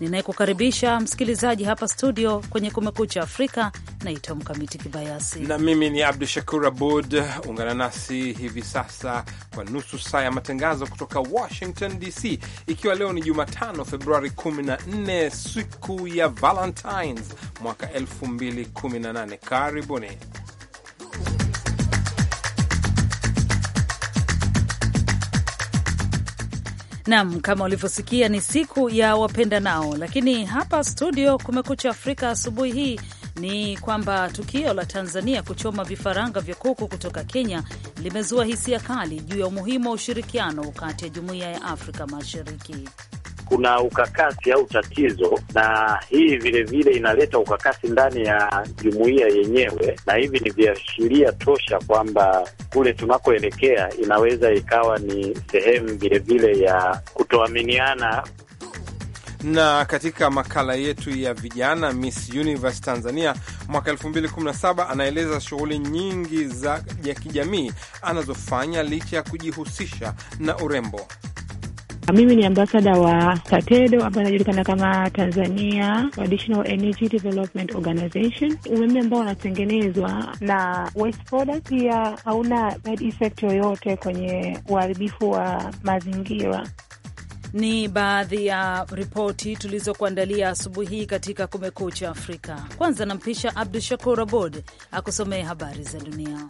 Ninayekukaribisha msikilizaji hapa studio kwenye Kumekucha Afrika naitwa Mkamiti Kibayasi na mimi ni Abdu Shakur Abud. Ungana nasi hivi sasa kwa nusu saa ya matangazo kutoka Washington DC, ikiwa leo ni Jumatano Februari 14 siku ya Valentines mwaka 2018. Karibuni. Naam, kama ulivyosikia ni siku ya wapenda nao, lakini hapa studio Kumekucha Afrika asubuhi hii ni kwamba tukio la Tanzania kuchoma vifaranga vya kuku kutoka Kenya limezua hisia kali juu ya umuhimu wa ushirikiano kati ya jumuiya ya Afrika Mashariki kuna ukakasi au tatizo, na hii vilevile inaleta ukakasi ndani ya jumuiya yenyewe, na hivi ni viashiria tosha kwamba kule tunakoelekea inaweza ikawa ni sehemu vilevile ya kutoaminiana na katika makala yetu ya vijana Miss Universe Tanzania mwaka 2017 anaeleza shughuli nyingi za ya kijamii anazofanya licha ya kujihusisha na urembo. Ah, mimi ni ambasada wa TATEDO ambayo inajulikana kama Tanzania Traditional Energy Development Organization. Umeme ambao unatengenezwa na West pia hauna bad effect yoyote kwenye uharibifu wa mazingira. Ni baadhi ya ripoti tulizokuandalia asubuhi hii katika Kumekucha Afrika. Kwanza nampisha Abdu Shakur Abod akusomee habari za dunia.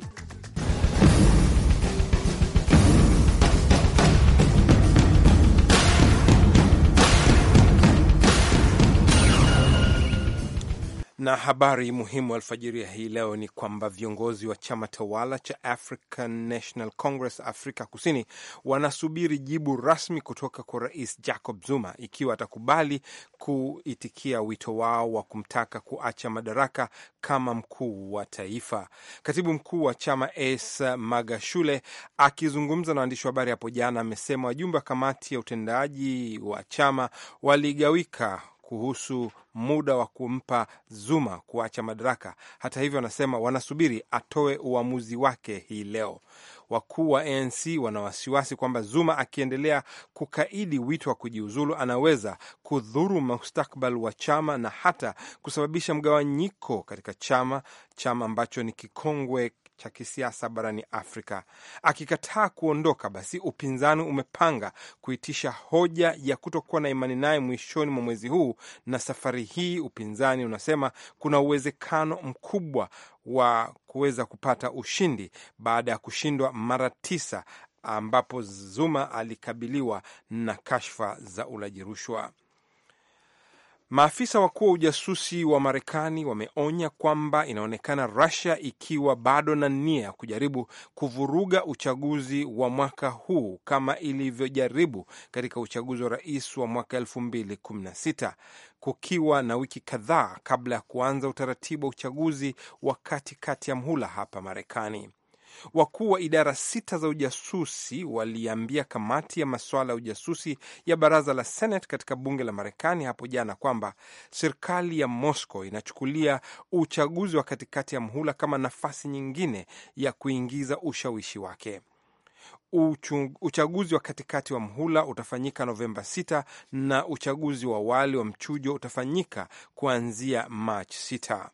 Na habari muhimu alfajiri ya hii leo ni kwamba viongozi wa chama tawala cha African National Congress Afrika Kusini wanasubiri jibu rasmi kutoka kwa Rais Jacob Zuma ikiwa atakubali kuitikia wito wao wa kumtaka kuacha madaraka kama mkuu wa taifa. Katibu mkuu wa chama Asa Magashule akizungumza na waandishi wa habari hapo jana, amesema wajumbe wa kamati ya utendaji wa chama waligawika kuhusu muda wa kumpa Zuma kuacha madaraka. Hata hivyo, wanasema wanasubiri atoe uamuzi wake hii leo. Wakuu wa ANC wana wasiwasi kwamba Zuma akiendelea kukaidi wito wa kujiuzulu anaweza kudhuru mustakbal wa chama na hata kusababisha mgawanyiko katika chama, chama ambacho ni kikongwe cha kisiasa barani Afrika. Akikataa kuondoka, basi upinzani umepanga kuitisha hoja ya kutokuwa na imani naye mwishoni mwa mwezi huu, na safari hii upinzani unasema kuna uwezekano mkubwa wa kuweza kupata ushindi baada ya kushindwa mara tisa ambapo Zuma alikabiliwa na kashfa za ulaji rushwa. Maafisa wakuu wa ujasusi wa Marekani wameonya kwamba inaonekana Russia ikiwa bado na nia ya kujaribu kuvuruga uchaguzi wa mwaka huu kama ilivyojaribu katika uchaguzi wa rais wa mwaka 2016 kukiwa na wiki kadhaa kabla ya kuanza utaratibu wa uchaguzi wa katikati ya mhula hapa Marekani. Wakuu wa idara sita za ujasusi waliambia kamati ya masuala ya ujasusi ya baraza la Senate katika bunge la Marekani hapo jana kwamba serikali ya Moscow inachukulia uchaguzi wa katikati ya mhula kama nafasi nyingine ya kuingiza ushawishi wake. Uchung, uchaguzi wa katikati wa mhula utafanyika Novemba 6 na uchaguzi wa awali wa mchujo utafanyika kuanzia Machi 6.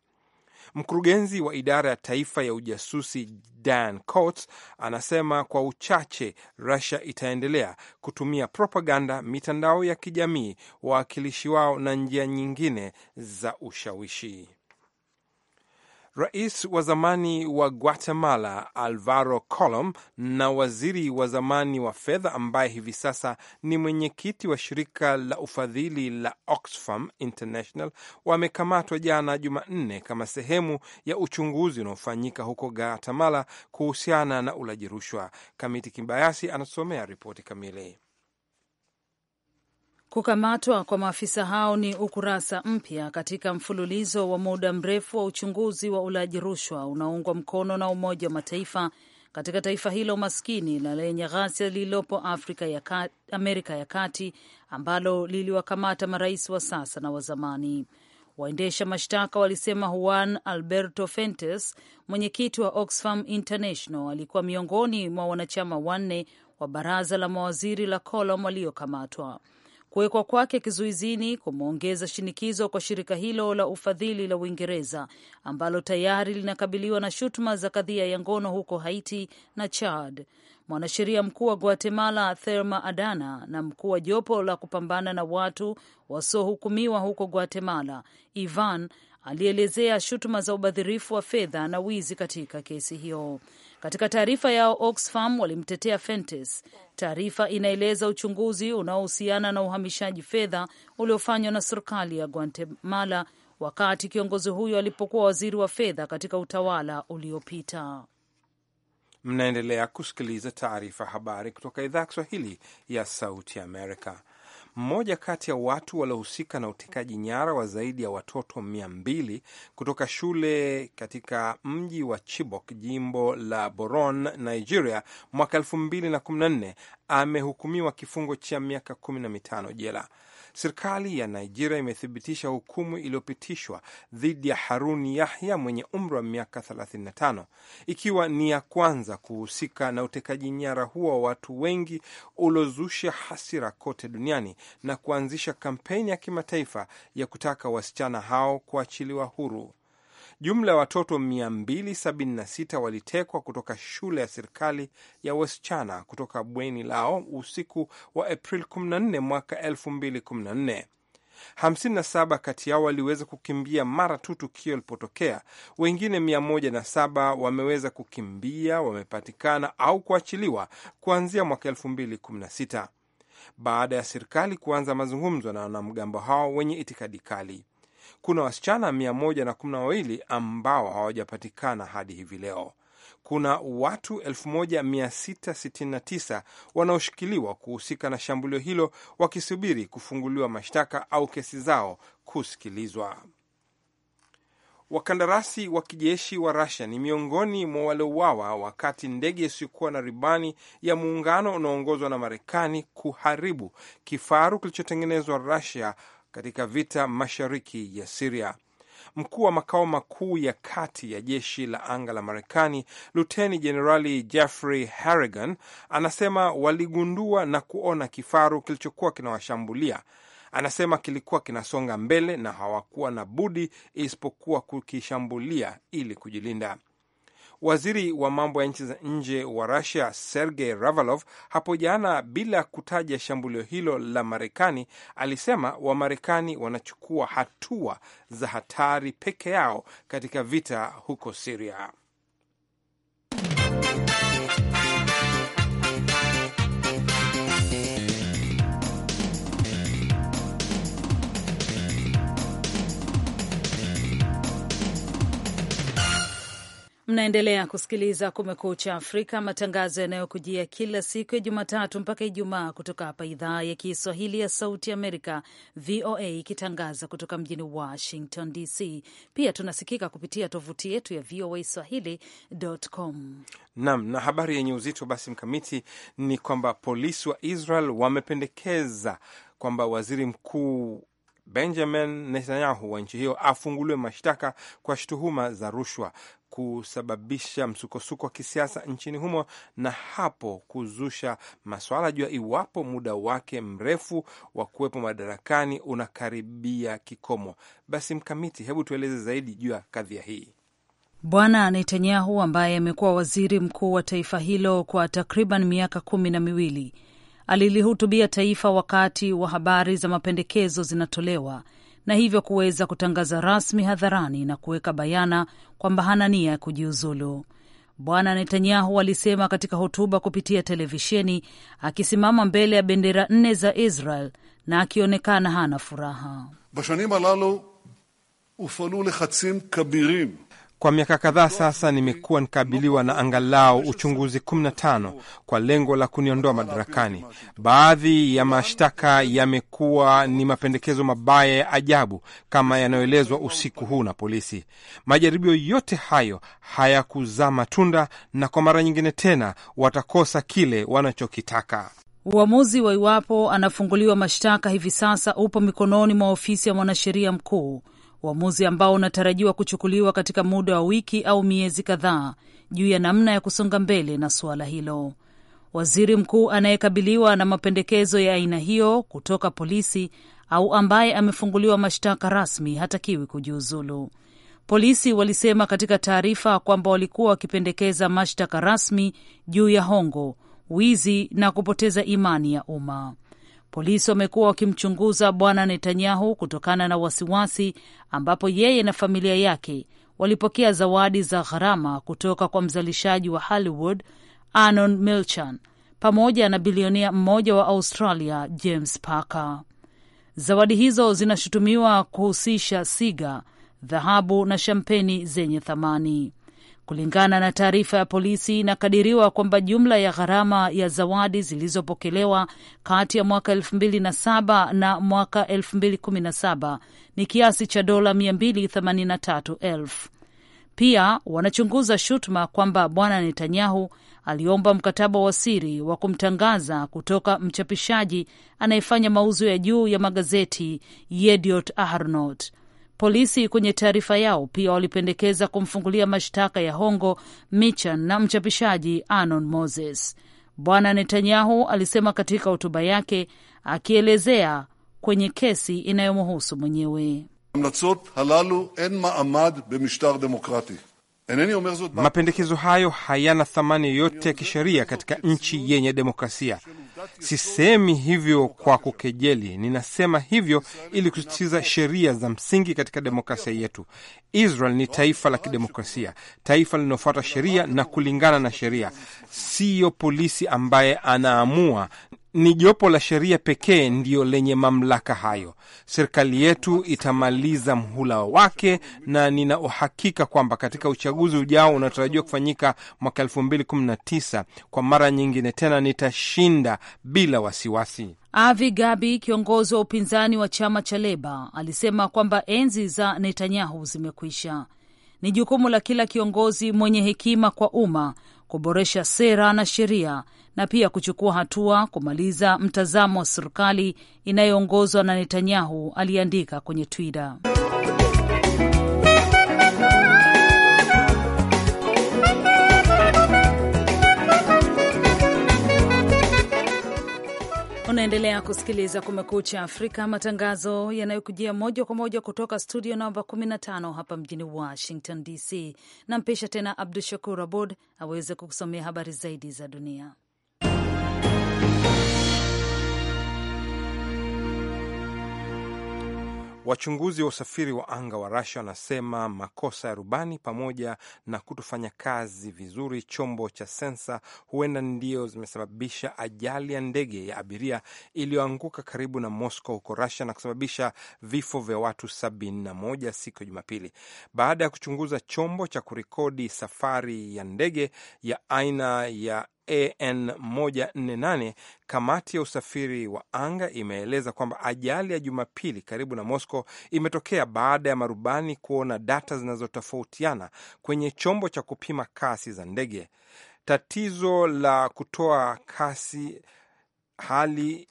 Mkurugenzi wa idara ya taifa ya ujasusi Dan Coats anasema kwa uchache Rusia itaendelea kutumia propaganda, mitandao ya kijamii, wawakilishi wao na njia nyingine za ushawishi. Rais wa zamani wa Guatemala Alvaro Colom na waziri wa zamani wa fedha ambaye hivi sasa ni mwenyekiti wa shirika la ufadhili la Oxfam International wamekamatwa jana Jumanne kama sehemu ya uchunguzi unaofanyika huko Guatemala kuhusiana na ulaji rushwa. Kamiti Kibayasi anasomea ripoti kamili. Kukamatwa kwa maafisa hao ni ukurasa mpya katika mfululizo wa muda mrefu wa uchunguzi wa ulaji rushwa unaoungwa mkono na Umoja wa Mataifa katika taifa hilo maskini na lenye ghasia lililopo Afrika ya kati, Amerika ya Kati ambalo liliwakamata marais wa sasa na wa zamani. Waendesha mashtaka walisema Juan Alberto Fentes, mwenyekiti wa Oxfam International, alikuwa miongoni mwa wanachama wanne wa baraza la mawaziri la Colom waliokamatwa. Kuwekwa kwake kizuizini kumeongeza shinikizo kwa shirika hilo la ufadhili la Uingereza ambalo tayari linakabiliwa na shutuma za kadhia ya ngono huko Haiti na Chad. Mwanasheria mkuu wa Guatemala therma Adana na mkuu wa jopo la kupambana na watu wasiohukumiwa huko Guatemala Ivan alielezea shutuma za ubadhirifu wa fedha na wizi katika kesi hiyo. Katika taarifa yao Oxfam walimtetea Fentes. Taarifa inaeleza uchunguzi unaohusiana na uhamishaji fedha uliofanywa na serikali ya Guatemala wakati kiongozi huyo alipokuwa waziri wa fedha katika utawala uliopita. Mnaendelea kusikiliza taarifa habari kutoka idhaa ya Kiswahili ya Sauti Amerika. Mmoja kati ya watu waliohusika na utekaji nyara wa zaidi ya watoto mia mbili kutoka shule katika mji wa Chibok, jimbo la Boron, Nigeria, mwaka elfu mbili na kumi na nne amehukumiwa kifungo cha miaka kumi na mitano jela. Serikali ya Nigeria imethibitisha hukumu iliyopitishwa dhidi ya Harun Yahya mwenye umri wa miaka 35 ikiwa ni ya kwanza kuhusika na utekaji nyara huo wa watu wengi uliozusha hasira kote duniani na kuanzisha kampeni ya kimataifa ya kutaka wasichana hao kuachiliwa huru. Jumla ya watoto 276 walitekwa kutoka shule ya serikali ya wasichana kutoka bweni lao usiku wa April 14 mwaka 2014. 57 kati yao waliweza kukimbia mara tu tukio lilipotokea. Wengine 107 wameweza kukimbia, wamepatikana au kuachiliwa kuanzia mwaka 2016 baada ya serikali kuanza mazungumzo na wanamgambo hao wenye itikadi kali kuna wasichana wawili ambao hawajapatikana hadi hivi leo. Kuna watu 1669 wanaoshikiliwa kuhusika na shambulio hilo wakisubiri kufunguliwa mashtaka au kesi zao kusikilizwa. Wakandarasi wa kijeshi wa rasia ni miongoni mwa waliouawa wakati ndege isiyokuwa na ribani ya muungano unaoongozwa na Marekani kuharibu kifaru kilichotengenezwa rasia katika vita mashariki ya Siria. Mkuu wa makao makuu ya kati ya jeshi la anga la Marekani, luteni jenerali Jeffrey Harrigan anasema waligundua na kuona kifaru kilichokuwa kinawashambulia. Anasema kilikuwa kinasonga mbele na hawakuwa na budi isipokuwa kukishambulia ili kujilinda. Waziri wa mambo ya nchi za nje wa Rusia Sergei Ravalov hapo jana, bila kutaja shambulio hilo la Marekani, alisema Wamarekani wanachukua hatua za hatari peke yao katika vita huko Siria. Mnaendelea kusikiliza Kumekucha Afrika, matangazo yanayokujia kila siku ya Jumatatu mpaka Ijumaa kutoka hapa idhaa ya Kiswahili ya Sauti Amerika, VOA, ikitangaza kutoka mjini Washington DC. Pia tunasikika kupitia tovuti yetu ya VOA swahili.com. Naam, na habari yenye uzito basi, Mkamiti, ni kwamba polisi wa Israel wamependekeza kwamba waziri mkuu Benjamin Netanyahu wa nchi hiyo afunguliwe mashtaka kwa tuhuma za rushwa kusababisha msukosuko wa kisiasa nchini humo na hapo kuzusha maswala juu ya iwapo muda wake mrefu wa kuwepo madarakani unakaribia kikomo. Basi Mkamiti, hebu tueleze zaidi juu ya kadhia hii. Bwana Netanyahu ambaye amekuwa waziri mkuu wa taifa hilo kwa takriban miaka kumi na miwili alilihutubia taifa wakati wa habari za mapendekezo zinatolewa na hivyo kuweza kutangaza rasmi hadharani na kuweka bayana kwamba hana nia ya kujiuzulu. Bwana Netanyahu alisema katika hotuba kupitia televisheni, akisimama mbele ya bendera nne za Israel na akionekana hana furaha. Bashanim alalu ufalu lekhatsim kabirim kwa miaka kadhaa sasa nimekuwa nikabiliwa na angalau uchunguzi 15 kwa lengo la kuniondoa madarakani. Baadhi ya mashtaka yamekuwa ni mapendekezo mabaya ya ajabu kama yanayoelezwa usiku huu na polisi. Majaribio yote hayo hayakuzaa matunda, na kwa mara nyingine tena watakosa kile wanachokitaka. Uamuzi wa iwapo anafunguliwa mashtaka hivi sasa upo mikononi mwa ofisi ya mwanasheria mkuu uamuzi ambao unatarajiwa kuchukuliwa katika muda wa wiki au miezi kadhaa juu ya namna ya kusonga mbele na suala hilo. Waziri mkuu anayekabiliwa na mapendekezo ya aina hiyo kutoka polisi au ambaye amefunguliwa mashtaka rasmi hatakiwi kujiuzulu. Polisi walisema katika taarifa kwamba walikuwa wakipendekeza mashtaka rasmi juu ya hongo, wizi na kupoteza imani ya umma. Polisi wamekuwa wakimchunguza Bwana Netanyahu kutokana na wasiwasi ambapo yeye na familia yake walipokea zawadi za gharama kutoka kwa mzalishaji wa Hollywood anon Milchan pamoja na bilionea mmoja wa Australia James parker Zawadi hizo zinashutumiwa kuhusisha siga, dhahabu na shampeni zenye thamani. Kulingana na taarifa ya polisi, inakadiriwa kwamba jumla ya gharama ya zawadi zilizopokelewa kati ya mwaka 2007 na mwaka 2017 ni kiasi cha dola 283,000. Pia wanachunguza shutuma kwamba Bwana Netanyahu aliomba mkataba wa siri wa kumtangaza kutoka mchapishaji anayefanya mauzo ya juu ya magazeti Yediot Aharnot Polisi kwenye taarifa yao pia walipendekeza kumfungulia mashtaka ya hongo Michan na mchapishaji Anon Moses. Bwana Netanyahu alisema katika hotuba yake akielezea kwenye kesi inayomhusu mwenyewe, hamlatsot halalu en maamad bemishtar demokrati Mapendekezo hayo hayana thamani yoyote ya kisheria katika nchi yenye demokrasia. Sisemi hivyo kwa kukejeli, ninasema hivyo ili kusisitiza sheria za msingi katika demokrasia yetu. Israel ni taifa la kidemokrasia, taifa linalofuata sheria na kulingana na sheria, siyo polisi ambaye anaamua ni jopo la sheria pekee ndiyo lenye mamlaka hayo. Serikali yetu itamaliza mhula wake, na nina uhakika kwamba katika uchaguzi ujao unaotarajiwa kufanyika mwaka elfu mbili kumi na tisa kwa mara nyingine tena nitashinda bila wasiwasi. Avi Gabi, kiongozi wa upinzani wa chama cha Leba, alisema kwamba enzi za Netanyahu zimekwisha. Ni jukumu la kila kiongozi mwenye hekima kwa umma kuboresha sera na sheria na pia kuchukua hatua kumaliza mtazamo wa serikali inayoongozwa na Netanyahu, aliandika kwenye Twitter. Unaendelea kusikiliza Kumekucha Afrika, matangazo yanayokujia moja kwa moja kutoka studio namba 15 hapa mjini Washington DC. Nampisha tena Abdu Shakur Abod aweze kukusomea habari zaidi za dunia. Wachunguzi wa usafiri wa anga wa rasia wanasema makosa ya rubani pamoja na kutofanya kazi vizuri chombo cha sensa huenda ndio zimesababisha ajali ya ndege ya abiria iliyoanguka karibu na Moscow huko rasia na kusababisha vifo vya watu 71 siku ya Jumapili, baada ya kuchunguza chombo cha kurekodi safari ya ndege ya aina ya AN 148 kamati ya usafiri wa anga imeeleza kwamba ajali ya Jumapili karibu na Moscow imetokea baada ya marubani kuona data zinazotofautiana kwenye chombo cha kupima kasi za ndege. Tatizo la kutoa kasi hali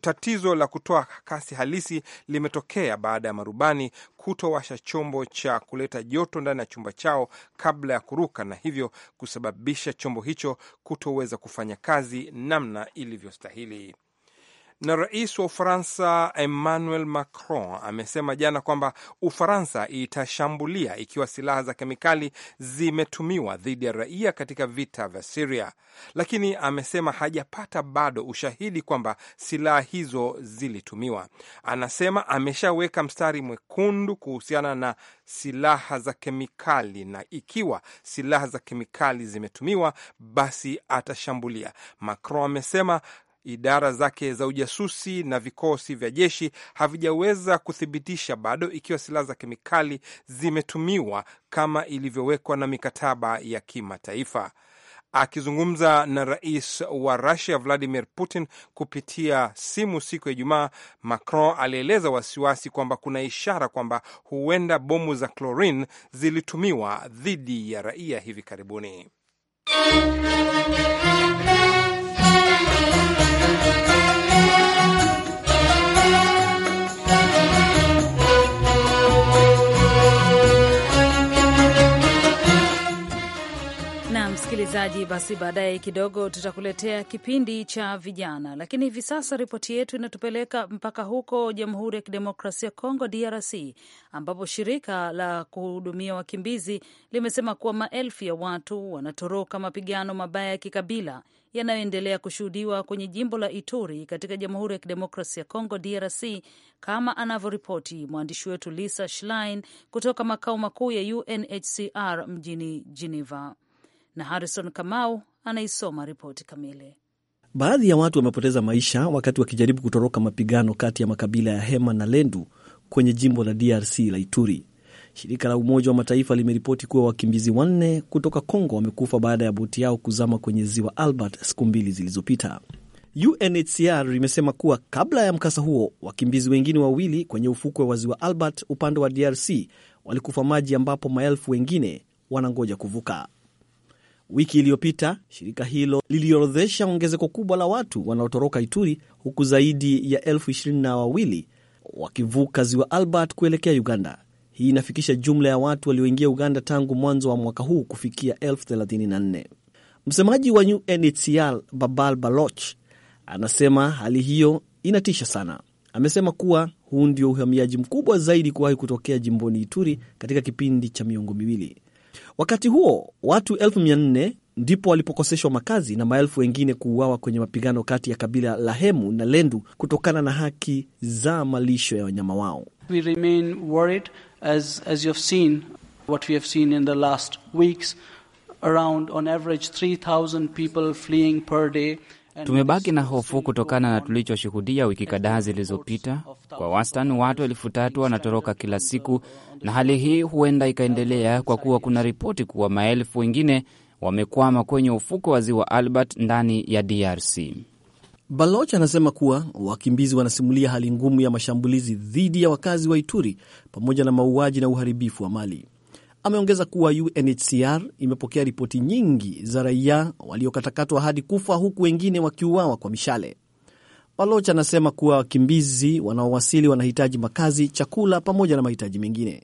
tatizo la kutoa kasi halisi limetokea baada ya marubani kutowasha chombo cha kuleta joto ndani ya chumba chao kabla ya kuruka na hivyo kusababisha chombo hicho kutoweza kufanya kazi namna ilivyostahili. Na rais wa Ufaransa Emmanuel Macron amesema jana kwamba Ufaransa itashambulia ikiwa silaha za kemikali zimetumiwa dhidi ya raia katika vita vya Siria, lakini amesema hajapata bado ushahidi kwamba silaha hizo zilitumiwa. Anasema ameshaweka mstari mwekundu kuhusiana na silaha za kemikali, na ikiwa silaha za kemikali zimetumiwa, basi atashambulia. Macron amesema idara zake za ujasusi na vikosi vya jeshi havijaweza kuthibitisha bado ikiwa silaha za kemikali zimetumiwa kama ilivyowekwa na mikataba ya kimataifa. Akizungumza na rais wa Rusia Vladimir Putin kupitia simu siku ya Ijumaa, Macron alieleza wasiwasi kwamba kuna ishara kwamba huenda bomu za chlorine zilitumiwa dhidi ya raia hivi karibuni. basi baadaye kidogo tutakuletea kipindi cha vijana, lakini hivi sasa ripoti yetu inatupeleka mpaka huko Jamhuri ya Kidemokrasia ya Kongo, DRC, ambapo shirika la kuhudumia wakimbizi limesema kuwa maelfu ya watu wanatoroka mapigano mabaya ya kikabila yanayoendelea kushuhudiwa kwenye jimbo la Ituri katika Jamhuri ya Kidemokrasia ya Kongo, DRC, kama anavyoripoti mwandishi wetu Lisa Schlein kutoka makao makuu ya UNHCR mjini Geneva na Harrison Kamau anaisoma ripoti kamili. Baadhi ya watu wamepoteza maisha wakati wakijaribu kutoroka mapigano kati ya makabila ya Hema na Lendu kwenye jimbo la DRC la Ituri. Shirika la Umoja wa Mataifa limeripoti kuwa wakimbizi wanne kutoka congo wamekufa baada ya boti yao kuzama kwenye ziwa Albert siku mbili zilizopita. UNHCR limesema kuwa kabla ya mkasa huo, wakimbizi wengine wawili kwenye ufukwe wa ziwa Albert upande wa DRC walikufa maji, ambapo maelfu wengine wanangoja kuvuka. Wiki iliyopita shirika hilo liliorodhesha ongezeko kubwa la watu wanaotoroka Ituri, huku zaidi ya elfu ishirini na wawili wakivuka ziwa Albert kuelekea Uganda. Hii inafikisha jumla ya watu walioingia Uganda tangu mwanzo wa mwaka huu kufikia elfu thelathini na nne. Msemaji wa UNHCR Babal Baloch anasema hali hiyo inatisha sana. Amesema kuwa huu ndio uhamiaji mkubwa zaidi kuwahi kutokea jimboni Ituri katika kipindi cha miongo miwili. Wakati huo watu elfu mia nne ndipo walipokoseshwa makazi na maelfu wengine kuuawa kwenye mapigano kati ya kabila la Hemu na Lendu kutokana na haki za malisho ya wanyama wao. We remain worried as, as you have seen what we have seen in the last weeks around on average 3000 people fleeing per day Tumebaki na hofu kutokana na tulichoshuhudia wiki kadhaa zilizopita. Kwa wastani watu elfu tatu wanatoroka kila siku, na hali hii huenda ikaendelea kwa kuwa kuna ripoti kuwa maelfu wengine wamekwama kwenye ufuko wa ziwa Albert ndani ya DRC. Baloch anasema kuwa wakimbizi wanasimulia hali ngumu ya mashambulizi dhidi ya wakazi wa Ituri pamoja na mauaji na uharibifu wa mali. Ameongeza kuwa UNHCR imepokea ripoti nyingi za raia waliokatakatwa hadi kufa huku wengine wakiuawa kwa mishale. Baloch anasema kuwa wakimbizi wanaowasili wanahitaji makazi, chakula pamoja na mahitaji mengine.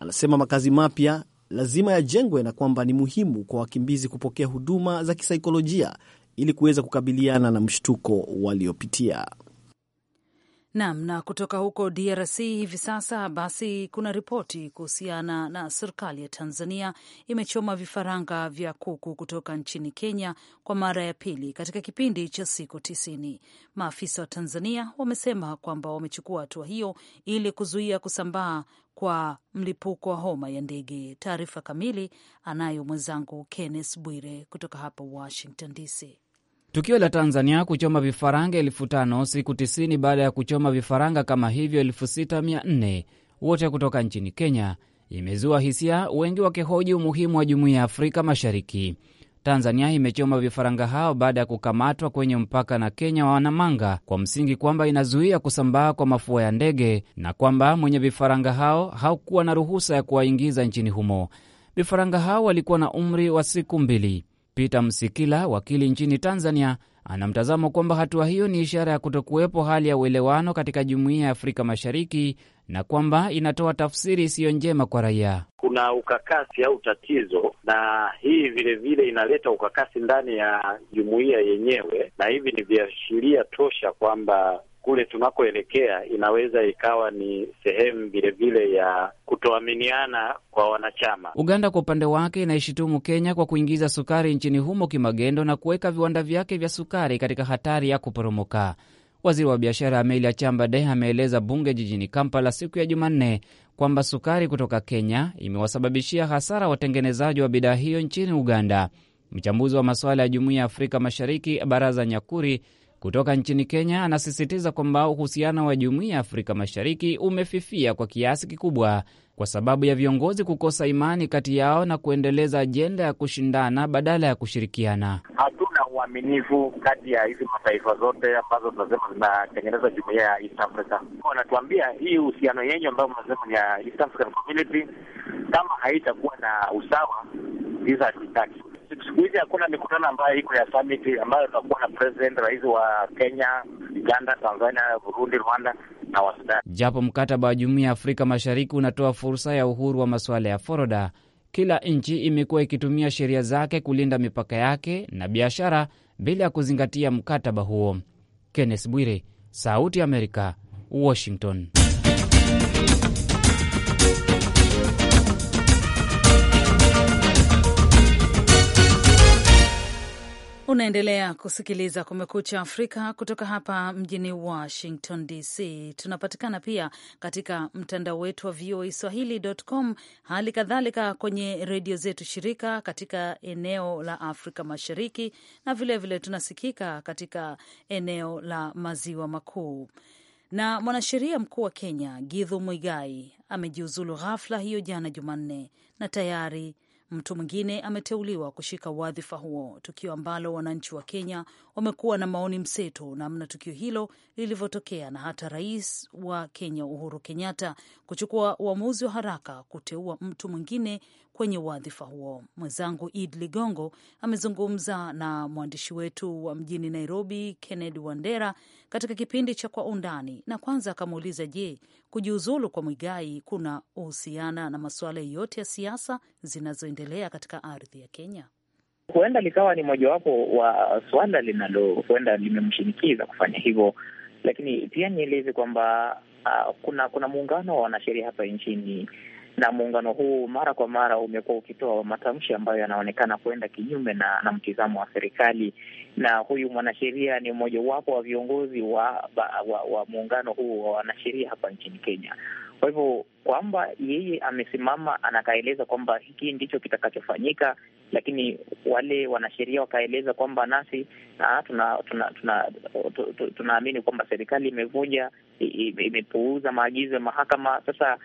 Anasema makazi mapya lazima yajengwe na kwamba ni muhimu kwa wakimbizi kupokea huduma za kisaikolojia ili kuweza kukabiliana na mshtuko waliopitia. Nam na kutoka huko DRC hivi sasa basi, kuna ripoti kuhusiana na serikali ya Tanzania imechoma vifaranga vya kuku kutoka nchini Kenya kwa mara ya pili katika kipindi cha siku tisini. Maafisa wa Tanzania wamesema kwamba wamechukua hatua hiyo ili kuzuia kusambaa kwa mlipuko wa homa ya ndege. Taarifa kamili anayo mwenzangu Kenneth Bwire kutoka hapa Washington DC. Tukio la Tanzania kuchoma vifaranga elfu tano siku tisini baada ya kuchoma vifaranga kama hivyo elfu sita mia nne wote kutoka nchini Kenya imezua hisia, wengi wakihoji umuhimu wa jumuiya ya Afrika Mashariki. Tanzania imechoma vifaranga hao baada ya kukamatwa kwenye mpaka na Kenya wa Wanamanga kwa msingi kwamba inazuia kusambaa kwa mafua ya ndege na kwamba mwenye vifaranga hao hakuwa na ruhusa ya kuwaingiza nchini humo. Vifaranga hao walikuwa na umri wa siku mbili. Peter Msikila, wakili nchini Tanzania, ana mtazamo kwamba hatua hiyo ni ishara ya kutokuwepo hali ya uelewano katika jumuiya ya Afrika Mashariki na kwamba inatoa tafsiri isiyo njema kwa raia. Kuna ukakasi au tatizo, na hii vilevile vile inaleta ukakasi ndani ya jumuiya yenyewe, na hivi ni viashiria tosha kwamba kule tunakoelekea inaweza ikawa ni sehemu vilevile ya kutoaminiana kwa wanachama. Uganda kwa upande wake inaishitumu Kenya kwa kuingiza sukari nchini humo kimagendo na kuweka viwanda vyake vya sukari katika hatari ya kuporomoka. Waziri wa biashara Amelia Chambade ameeleza bunge jijini Kampala siku ya Jumanne kwamba sukari kutoka Kenya imewasababishia hasara watengenezaji wa bidhaa hiyo nchini Uganda. Mchambuzi wa masuala ya jumuiya ya Afrika Mashariki Baraza Nyakuri kutoka nchini Kenya anasisitiza kwamba uhusiano wa Jumuiya ya Afrika Mashariki umefifia kwa kiasi kikubwa kwa sababu ya viongozi kukosa imani kati yao na kuendeleza ajenda ya kushindana badala ya kushirikiana. Hatuna uaminifu kati ya hizi mataifa zote ambazo tunasema zinatengeneza jumuiya ya East Africa. Wanatuambia hii uhusiano yenyu ambayo mnasema ni ya East African Community, kama haitakuwa na usawa, hizo hatuitaki siku hizi hakuna mikutano ambayo iko ya summit ambayo tutakuwa na president, rais wa Kenya, Uganda, Tanzania, Burundi, Rwanda na Wasudani. Japo mkataba wa Jumuiya ya Afrika Mashariki unatoa fursa ya uhuru wa masuala ya foroda kila nchi imekuwa ikitumia sheria zake kulinda mipaka yake na biashara bila ya kuzingatia mkataba huo. Kenneth Bwire, Sauti ya Amerika, Washington. Unaendelea kusikiliza Kumekucha Afrika kutoka hapa mjini Washington DC. Tunapatikana pia katika mtandao wetu wa VOA Swahili.com, hali kadhalika kwenye redio zetu shirika katika eneo la Afrika Mashariki, na vilevile vile tunasikika katika eneo la Maziwa Makuu. Na mwanasheria mkuu wa Kenya Githu Muigai amejiuzulu ghafla hiyo jana Jumanne na tayari Mtu mwingine ameteuliwa kushika wadhifa huo, tukio ambalo wananchi wa Kenya wamekuwa na maoni mseto namna tukio hilo lilivyotokea, na hata rais wa Kenya Uhuru Kenyatta kuchukua uamuzi wa haraka kuteua mtu mwingine kwenye wadhifa huo. Mwenzangu Id Ligongo amezungumza na mwandishi wetu wa mjini Nairobi, Kennedy Wandera, katika kipindi cha Kwa Undani, na kwanza akamuuliza, je, kujiuzulu kwa Mwigai kuna uhusiana na masuala yote ya siasa zinazoendelea katika ardhi ya Kenya? Huenda likawa ni mojawapo wa suala linalo huenda limemshinikiza kufanya hivyo, lakini pia nieleze kwamba uh, kuna kuna muungano wa wanasheria hapa nchini na muungano huu mara kwa mara umekuwa ukitoa matamshi ambayo yanaonekana kuenda kinyume na, na mtizamo wa serikali. Na huyu mwanasheria ni mmojawapo wa viongozi wa, wa, wa, wa muungano huu wa wanasheria hapa nchini Kenya. Kwa hivyo kwamba yeye amesimama anakaeleza kwamba hiki ndicho kitakachofanyika, lakini wale wanasheria wakaeleza kwamba nasi tunaamini tuna, tuna, tuna, tuna kwamba serikali imevunja imepuuza maagizo ya mahakama. Sasa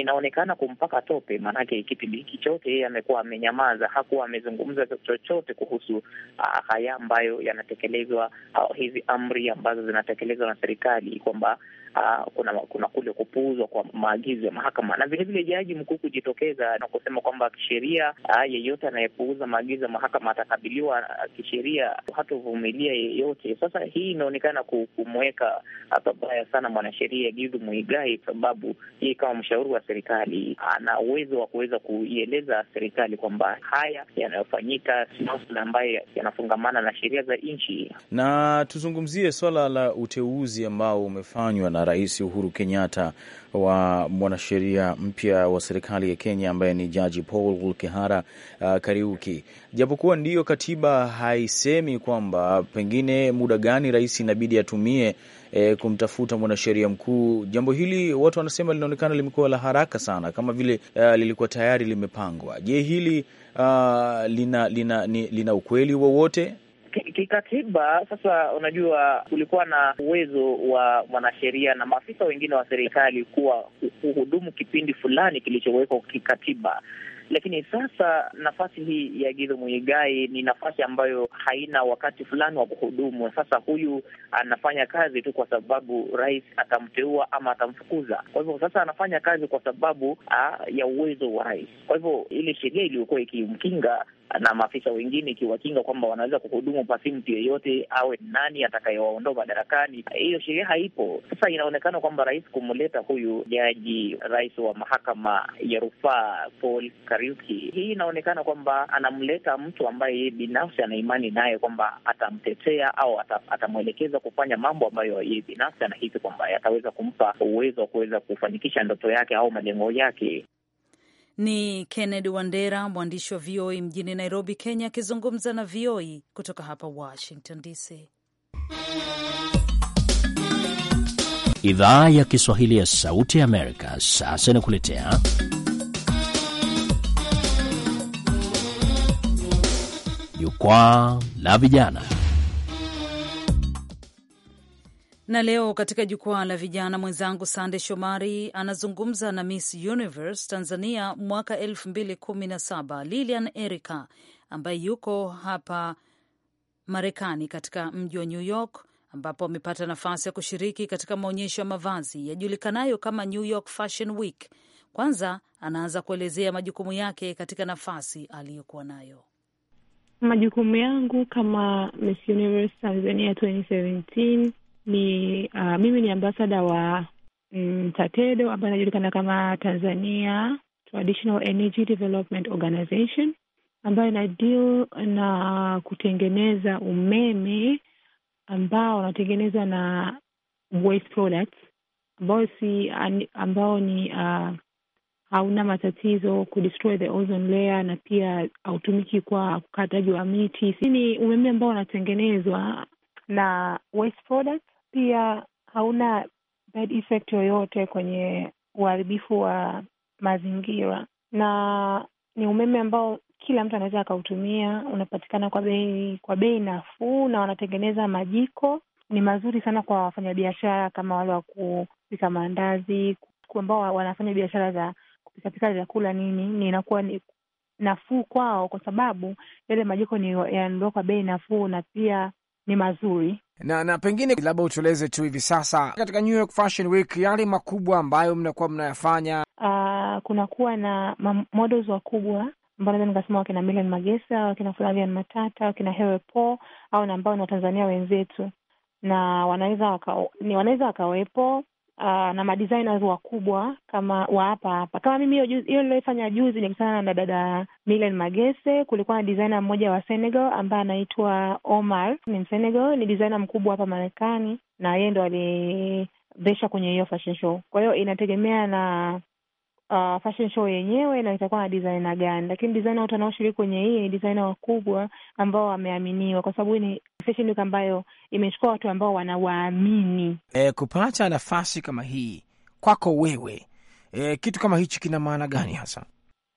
inaonekana kumpaka tope, maanake kipindi hiki chote yeye amekuwa amenyamaza, hakuwa amezungumza chochote kuhusu uh, haya ambayo yanatekelezwa, uh, hizi amri ambazo zinatekelezwa na serikali kwamba uh, kuna, kuna kule kupuuzwa kwa maagizo ya mahakama na vilevile jaji mkuu kujitokeza na kusema kwamba kisheria, uh, yeyote anayepuuza maagizo ya mahakama atakabiliwa ah, kisheria, hatovumilia yeyote. Sasa hii inaonekana kumweka pabaya sana mwanasheria Githu Muigai, kwa sababu hii kama mshauri wa serikali ana uwezo wa kuweza kuieleza serikali kwamba haya yanayofanyika si masuala ambayo yanafungamana na sheria za nchi. Na tuzungumzie swala la uteuzi ambao umefanywa na Rais Uhuru Kenyatta wa mwanasheria mpya wa serikali ya Kenya ambaye ni Jaji Paul Kihara uh, Kariuki. Japokuwa ndiyo katiba haisemi kwamba pengine muda gani rais inabidi atumie e, kumtafuta mwanasheria mkuu, jambo hili watu wanasema linaonekana limekuwa la haraka sana, kama vile uh, lilikuwa tayari limepangwa. Je, hili uh, lina, lina, ni, lina ukweli wowote? kikatiba sasa, unajua kulikuwa na uwezo wa mwanasheria na maafisa wengine wa serikali kuwa kuhudumu kipindi fulani kilichowekwa kikatiba lakini sasa nafasi hii ya Githu Muigai ni nafasi ambayo haina wakati fulani wa kuhudumu. Sasa huyu anafanya kazi tu kwa sababu rais atamteua ama atamfukuza. Kwa hivyo sasa anafanya kazi kwa sababu a, ah, ya uwezo wa rais. Kwa hivyo ile sheria iliyokuwa ikimkinga na maafisa wengine ikiwakinga kwamba wanaweza kuhudumu pasi mtu yeyote awe nani atakayewaondoa madarakani. Hiyo sheria haipo. Sasa inaonekana kwamba rais kumleta huyu jaji, rais wa mahakama ya rufaa Paul Kariuki, hii inaonekana kwamba anamleta mtu ambaye yeye binafsi ana imani naye kwamba atamtetea au atamwelekeza kufanya mambo ambayo yeye binafsi anahisi kwamba yataweza kumpa uwezo wa kuweza kufanikisha ndoto yake au malengo yake. Ni Kennedy Wandera, mwandishi wa VOA mjini Nairobi, Kenya, akizungumza na VOA kutoka hapa Washington DC. Idhaa ya Kiswahili ya Sauti ya Amerika sasa inakuletea Jukwaa la Vijana. Na leo katika jukwaa la vijana, mwenzangu Sande Shomari anazungumza na Miss Universe Tanzania mwaka elfu mbili kumi na saba Lilian Erica ambaye yuko hapa Marekani katika mji wa New York ambapo amepata nafasi ya kushiriki katika maonyesho ya mavazi yajulikanayo kama New York Fashion Week. Kwanza anaanza kuelezea majukumu yake katika nafasi aliyokuwa nayo. Majukumu yangu kama Miss Universe Tanzania ni uh, mimi ni ambasada wa mm, TATEDO ambayo inajulikana kama Tanzania Traditional Energy Development Organization ambayo ina deal na kutengeneza umeme ambao unatengenezwa na waste products ambao si ambao ni uh, hauna matatizo kudestroy the ozone layer na pia hautumiki kwa ukataji wa miti. Ni umeme ambao unatengenezwa na waste products pia hauna bad effect yoyote kwenye uharibifu wa mazingira, na ni umeme ambao kila mtu anaweza akautumia, unapatikana kwa bei kwa bei nafuu, na wanatengeneza majiko ni mazuri sana kwa wafanyabiashara kama wale wa kupika maandazi, ambao wanafanya biashara za kupikapika vyakula nini, ni inakuwa ni nafuu kwao, kwa sababu yale majiko ni yananunuliwa kwa bei nafuu na pia ni mazuri na na pengine labda utueleze tu hivi sasa katika New York Fashion Week yale makubwa ambayo mnakuwa mnayafanya. Uh, kunakuwa na models wakubwa ambao naweza nikasema wakina Milan Magesa, wakina Flavian Matata, wakina Hewe Po au na ambao ni Watanzania wenzetu, na wanaweza wakawepo uh, na madesigners wakubwa kama wa hapa hapa kama mimi. Hiyo nilioifanya juzi nikutana na dada Milen Magese. Kulikuwa na designer mmoja wa Senegal ambaye anaitwa Omar, ni Msenegal, ni designer mkubwa hapa Marekani, na yeye ndo alibesha kwenye hiyo fashion show. Kwa hiyo inategemea na uh, fashion show yenyewe na itakuwa na designer gani, lakini designer wote wanaoshiriki kwenye hii ni designer wakubwa ambao wameaminiwa, kwa sababu ni fashion week ambayo imechukua watu ambao wanawaamini. E, kupata nafasi kama hii kwako wewe, e, kitu kama hichi kina maana gani hasa?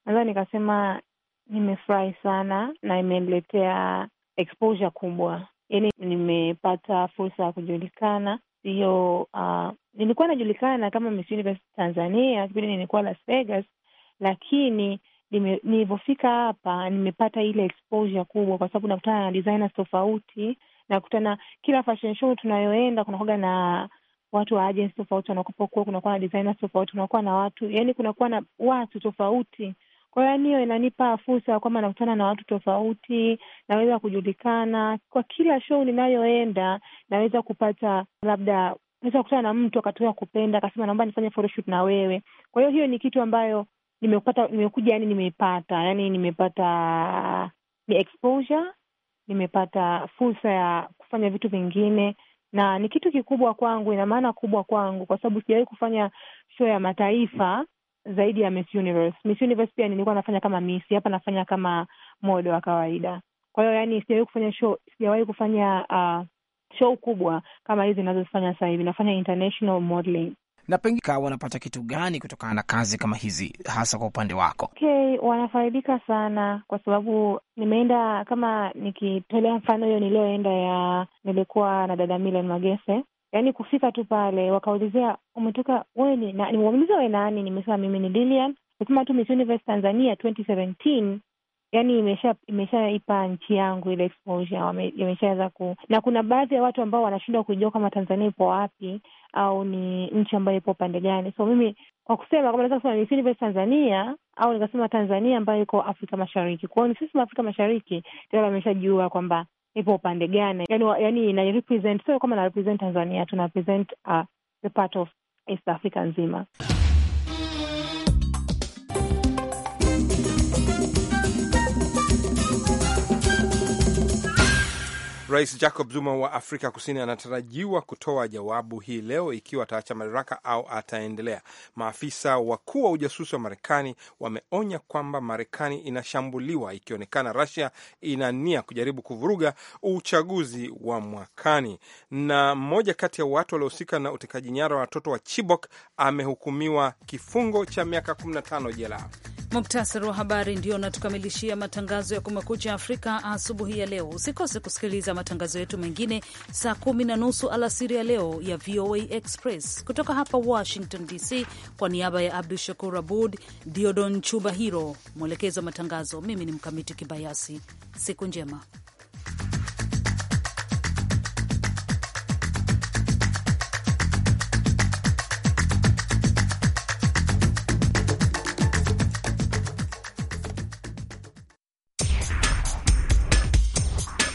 Naweza nikasema nimefurahi sana na imeniletea exposure kubwa, yaani nimepata fursa ya kujulikana hiyo uh, nilikuwa najulikana kama Miss Universe Tanzania kipindi nilikuwa Las Vegas, lakini nilivyofika hapa nimepata ile exposure kubwa, kwa sababu nakutana na designers tofauti, nakutana kila fashion show tunayoenda kunakuwa na watu wa agency tofauti wanakuwa, kunakuwa na designers tofauti, kunakuwa na watu yani, kunakuwa na watu tofauti kwa hiyo yani hiyo inanipa fursa ya kwamba nakutana na watu tofauti, naweza kujulikana kwa kila show ninayoenda, naweza kupata labda naweza kukutana na mtu akatoka kupenda akasema naomba nifanye photoshoot na wewe. Kwa hiyo hiyo ni kitu ambayo nimekupata, nimekuja yani nimepata yani nimepata ni exposure, nimepata fursa ya kufanya vitu vingine na ni kitu kikubwa kwangu, ina maana kubwa kwangu kwa sababu sijawahi kufanya show ya mataifa zaidi ya Miss Universe. Miss Universe pia nilikuwa nafanya kama miss, hapa nafanya kama modo wa kawaida. Kwa hiyo yani sijawahi kufanya show, sijawahi kufanya uh, show kubwa kama hizi ninazofanya sasa hivi, nafanya international modeling. Na pengine wanapata kitu gani kutokana na kazi kama hizi, hasa kwa upande wako? Okay, wanafaidika sana kwa sababu nimeenda kama, nikitolea mfano hiyo niliyoenda ya, nilikuwa na dada Milen Magese yaani kufika tu pale wakaulizia umetoka wewe ni nani? nani? Nimesema mimi ni Lilian. Nasema tu Miss Universe Tanzania 2017 yaani imesha imeshaipa nchi yangu ile exposure, imeshaweza ku na kuna baadhi ya watu ambao wanashindwa kujua kama Tanzania ipo wapi au ni nchi ambayo ipo upande gani. So mimi kwa kusema kama naweza kusema Miss Universe Tanzania au nikasema Tanzania ambayo iko Afrika Mashariki. kwao ni sisi Afrika Mashariki tayari wameshajua kwamba ipo upande gani? Yani, yani ina represent sio kama na represent Tanzania, tuna represent uh, the part of East Africa nzima. Rais Jacob Zuma wa Afrika Kusini anatarajiwa kutoa jawabu hii leo ikiwa ataacha madaraka au ataendelea. Maafisa wakuu wa ujasusi wa Marekani wameonya kwamba Marekani inashambuliwa ikionekana rasia ina nia kujaribu kuvuruga uchaguzi wa mwakani. Na mmoja kati ya watu waliohusika na utekaji nyara wa watoto wa Chibok amehukumiwa kifungo cha miaka 15 jela. Muktasari wa habari ndio unatukamilishia matangazo ya Kumekucha Afrika asubuhi ya leo. Usikose kusikiliza matangazo yetu mengine saa kumi na nusu alasiri ya leo ya VOA Express kutoka hapa Washington DC. Kwa niaba ya Abdu Shakur Abud, Diodon Chuba Hiro mwelekezi wa matangazo, mimi ni Mkamiti Kibayasi. Siku njema.